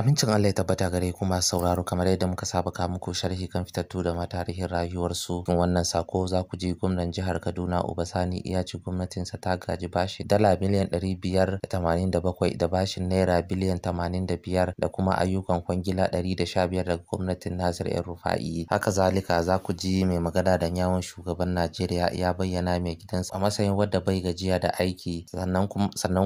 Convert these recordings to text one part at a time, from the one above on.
Amincin Allah ya tabbata gare ku masu sauraro kamar yadda muka saba ka muku sharhi kan fitattu da ma tarihin rayuwarsu. Cikin wannan sako za ku ji gwamnan jihar Kaduna uba sani ya ci gwamnatinsa ta gaji bashi dala miliyan ɗari biyar da tamanin da bakwai da bashin naira biliyan tamanin da biyar da kuma ayyukan kwangila ɗari da sha biyar daga gwamnatin Nasir El Rufa'i. Haka zalika za ku ji mai magana da yawon shugaban Najeriya ya bayyana mai gidansa a matsayin wadda bai gajiya da aiki sannan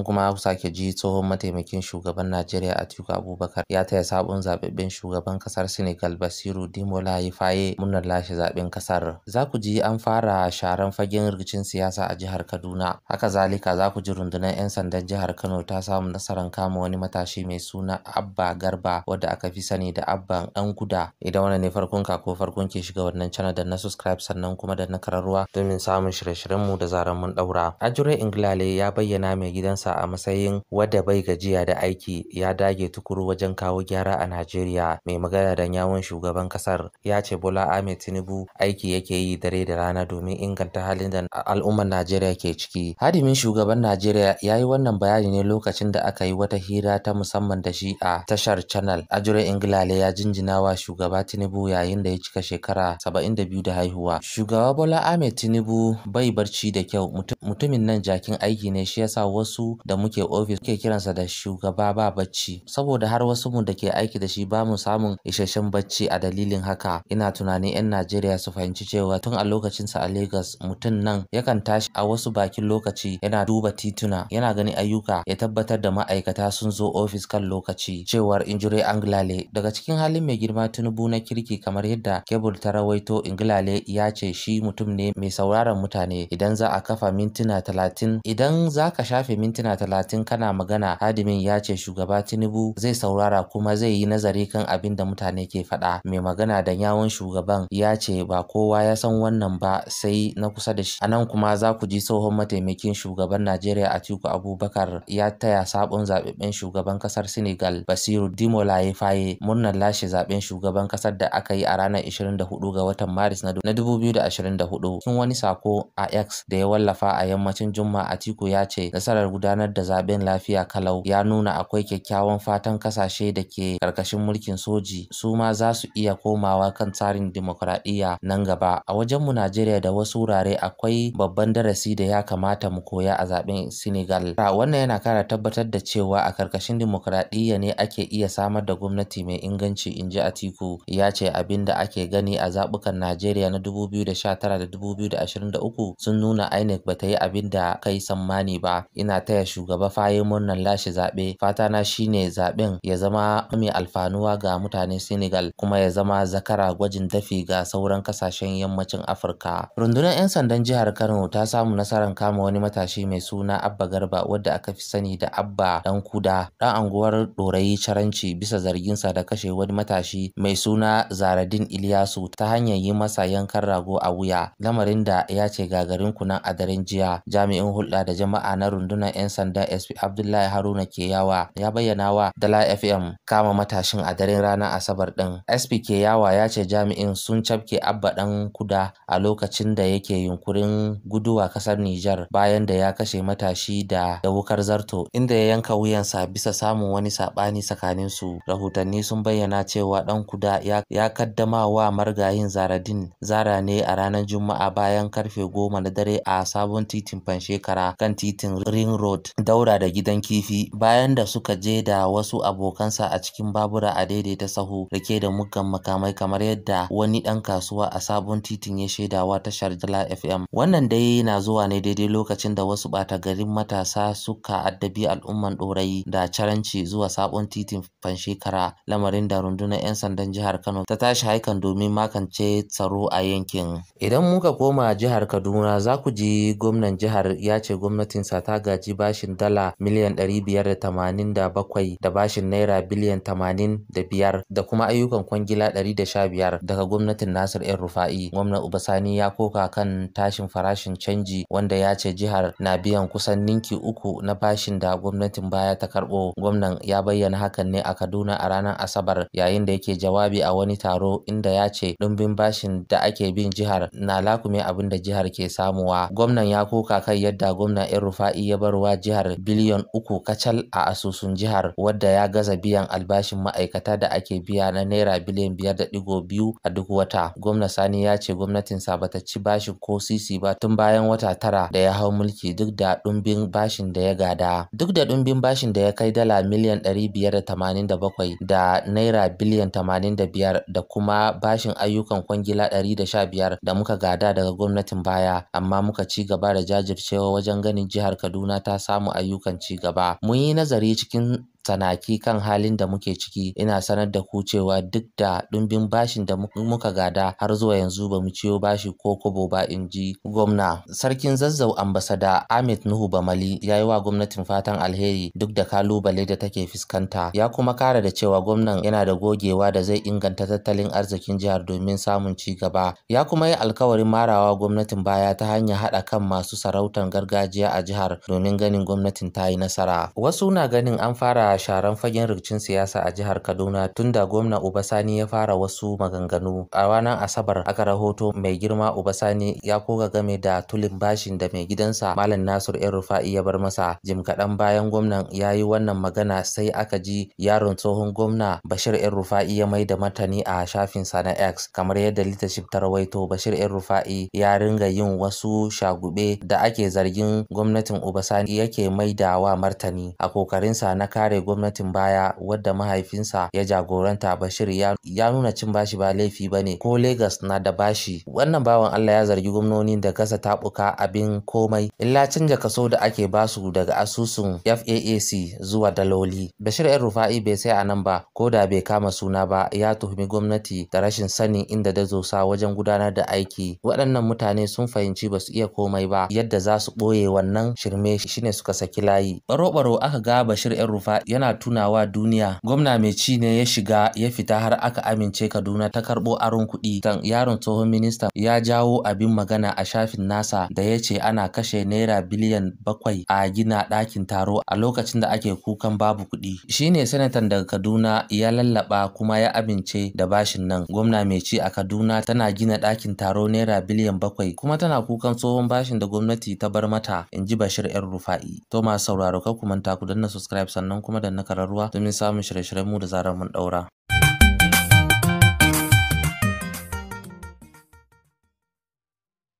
kuma ku sake ji tsohon mataimakin shugaban Najeriya Atiku Abubakar ya taya sabon zababben shugaban kasar Senegal Basiru Dimola Faye murnar lashe zaben kasar. Za ku ji an fara sharan fagen rikicin siyasa a jihar Kaduna. Haka zalika za ku ji rundunar 'yan sandan jihar Kano ta samu nasarar kama wani matashi mai suna Abba Garba wadda aka fi sani da Abba ɗan guda. Idan wannan ne farkon ka ko farkon ke shiga wannan channel da na subscribe sannan kuma da na kararruwa domin samun shirye shiryen mu da zaran mun daura. Ajure Ingilale ya bayyana mai gidansa a matsayin wadda bai gajiya da aiki ya dage tukuru wajen wajen kawo gyara a Najeriya. Mai magana da yawon shugaban kasar ya ce Bola Ahmed Tinubu aiki yake yi dare da rana domin inganta halin da al'ummar Najeriya ke ciki. Hadimin shugaban Najeriya ya yi wannan bayani ne lokacin da aka yi wata hira ta musamman da shi a tashar Channel. Ajure Ingilale ya jinjina wa shugaba Tinubu yayin da ya cika shekara 72 da haihuwa. Shugaba Bola Ahmed Tinubu bai barci da kyau mutumin nan jakin aiki ne shi yasa wasu da muke ofis muke kiransa da shugaba ba bacci saboda har wasu wasu mu da ke aiki da shi ba mu samun isasshen bacci a dalilin haka ina tunanin 'yan Najeriya su fahimci cewa tun a lokacinsa a Lagos mutum nan yakan tashi a wasu bakin lokaci yana duba tituna yana gani ayyuka ya tabbatar da ma'aikata sun zo ofis kan lokaci cewar injure Anglale daga cikin halin mai girma Tinubu na kirki kamar yadda Kebul ta rawaito Inglale ya ce shi mutum ne mai sauraron mutane idan za a kafa mintuna talatin idan za ka shafe mintuna talatin kana magana hadimin ya ce shugaba Tinubu zai saura. shawara kuma zai yi nazari kan abin da mutane ke faɗa. Mai magana da yawon shugaban ya ce ba kowa ya san wannan ba sai na kusa da shi. anan kuma za ku ji tsohon mataimakin shugaban Najeriya Atiku Abubakar ya taya sabon zaɓaɓɓen shugaban ƙasar Senegal Basiru Dimolaye Faye murnar lashe zaben shugaban ƙasar da aka yi a ranar 24 ga watan Maris na 2024. Cikin wani sako a X da ya wallafa a yammacin Juma'a Atiku ya ce nasarar gudanar da zaɓen lafiya kalau ya nuna akwai kyakkyawan fatan kasashe ƙasashe da ke ƙarƙashin mulkin soji su ma za su iya komawa kan tsarin dimokuraɗiyya nan gaba. A wajenmu Najeriya da wasu wurare akwai babban darasi da ya kamata mu koya a zaɓen Senegal. Wannan yana kara tabbatar da cewa a ƙarƙashin dimokuraɗiyya ne ake iya samar da gwamnati mai inganci in ji Atiku. Ya ce abin da ake gani a zaɓukan Najeriya na 2019 da 2023 sun nuna INEC ba ta yi abin da ka yi tsammani ba. Ina taya shugaba fayin murnan lashe zaɓe. Fata na shine zaɓen ya zama mai alfanuwa ga mutanen Senegal kuma ya zama zakara gwajin dafi ga sauran kasashen yammacin Afirka. Rundunar 'yan sandan jihar Kano ta samu nasarar kama wani matashi mai suna Abba Garba wadda aka fi sani da Abba Dan Kuda dan anguwar Dorayi caranci bisa zarginsa da kashe wani matashi mai suna Zaradin Iliyasu ta hanyar yi masa yankan rago a wuya lamarin da ya ce gagarin kunan a daren jiya jami'in hulɗa da jama'a na rundunar 'yan sanda SP Abdullahi Haruna Keyawa ya bayyana wa Dala FM Maryam kama matashin a daren ranar Asabar ɗin. SPK Yawa ya ce jami'in sun cafke Abba ɗan kuda a lokacin da yake yunkurin guduwa ƙasar Nijar bayan da ya kashe matashi da da wukar zarto inda ya yanka wuyansa bisa samun wani saɓani tsakanin su. Rahotanni sun bayyana cewa ɗan kuda ya, ya kaddama wa margayin Zaradin Zara ne a ranar Juma'a bayan karfe goma na dare a sabon titin Fanshekara kan titin Ring Road daura da gidan kifi bayan da suka je da wasu abokan kansa a cikin babura a daidaita sahu rike da muggan makamai kamar yadda wani dan kasuwa a sabon titin ya shaidawa tashar Jala FM. Wannan dai na zuwa ne daidai lokacin da wasu bata garin matasa suka addabi al'umman dorayi da caranci zuwa sabon titin fan shekara lamarin da rundunar 'yan sandan jihar Kano ta tashi haikan domin makance tsaro a yankin. Idan muka koma jihar Kaduna za ku ji gwamnan jihar ya ce gwamnatinsa ta gaji bashin dala miliyan ɗari biyar da bashin naira naira biliyan 85 da kuma ayyukan kwangila da sha biyar daga gwamnatin Nasir El Rufa'i. Gwamnan Ubasani ya koka kan tashin farashin canji wanda ya ce jihar na biyan kusan ninki uku na bashin da gwamnatin baya ta karbo. Gwamnan ya bayyana hakan ne a Kaduna a ranar Asabar yayin da yake jawabi a wani taro inda ya ce ɗumbin bashin da ake bin jihar na lakume abin da jihar ke samuwa. Gwamnan ya koka kan yadda gwamnan El Rufa'i ya barwa jihar biliyan uku kacal a asusun jihar wadda ya gaza biyan albashin ma'aikata da ake biya na naira biliyan biyar da digo biyu a duk wata. Gwamna Sani ya ce gwamnatinsa ba ta ci bashin ko sisi ba tun bayan wata tara da ya hau mulki duk da ɗumbin bashin da ya gada. Duk da ɗumbin bashin da ya kai dala miliyan ɗari biyar da tamanin da bakwai da naira biliyan tamanin da biyar da kuma bashin ayyukan kwangila ɗari da sha biyar da muka gada daga gwamnatin baya amma muka ci gaba da jajircewa wajen ganin jihar Kaduna ta samu ayyukan ci gaba. Mun yi nazari cikin Sanaki kan halin da muke ciki ina sanar da ku cewa duk da ɗumbin bashin da muka gada har zuwa yanzu ba mu ciyo bashi ko kobo ba in ji gwamna sarkin zazzau ambasada ahmed nuhu bamali ya yi wa gwamnatin fatan alheri duk da kalubale da take fuskanta ya kuma kara da cewa gwamnan yana da gogewa da zai inganta tattalin arzikin jihar domin samun ci gaba ya kuma yi alkawarin marawa gwamnatin baya ta hanyar haɗa kan masu sarautar gargajiya a jihar domin ganin gwamnatin ta yi nasara wasu na ganin an fara a sharan fagen rikicin siyasa a jihar Kaduna tunda gwamna ubasani ya fara wasu maganganu. A ranar Asabar aka rahoto mai girma ubasani ya koga game da tulin bashin da mai gidansa Malam Nasir El Rufa'i ya bar masa. Jim kaɗan bayan gwamnan ya yi wannan magana sai aka ji yaron tsohon gwamna Bashir El Rufa'i ya mai da martani a shafinsa na X kamar yadda leadership ta rawaito Bashir El Rufa'i ya ringa yin wasu shagube da ake zargin gwamnatin ubasani yake mai da wa martani a kokarinsa na kare gwamnatin baya wadda mahaifinsa ya jagoranta Bashir ya nuna cin bashi ba laifi ba ne ko Legas na da bashi. Wannan bawan Allah ya zargi gwamnoni da gasa taɓuka abin komai illa canja kaso da ake basu daga asusun FAAC zuwa daloli. Bashir ‘yan Rufa'i bai sai a nan ba ko da bai kama suna ba ya tuhumi gwamnati da rashin sanin inda da zosa wajen gudanar da aiki. Waɗannan mutane sun fahimci basu iya komai ba yadda za su ɓoye wannan shirme shine suka saki layi. Baro-baro aka ga Bashir ‘yan Rufa'i yana tunawa duniya gwamna mai ci ne ya shiga ya fita har aka amince Kaduna ta karɓo aron kuɗi kan yaron tsohon minista ya jawo abin magana a shafin nasa da ya ce ana kashe naira biliyan bakwai a gina ɗakin taro a lokacin da ake kukan babu kuɗi shine sanatan daga Kaduna ya lallaɓa kuma ya amince da bashin nan gwamna mai ci a Kaduna tana gina ɗakin taro naira biliyan bakwai kuma tana kukan tsohon bashin da gwamnati ta bar mata in ji Bashir 'yan Rufa'i to masu sauraro kar ta manta ku danna subscribe sannan kuma na kararruwa domin samun shirye-shiryen mu da zarar mun ɗaura.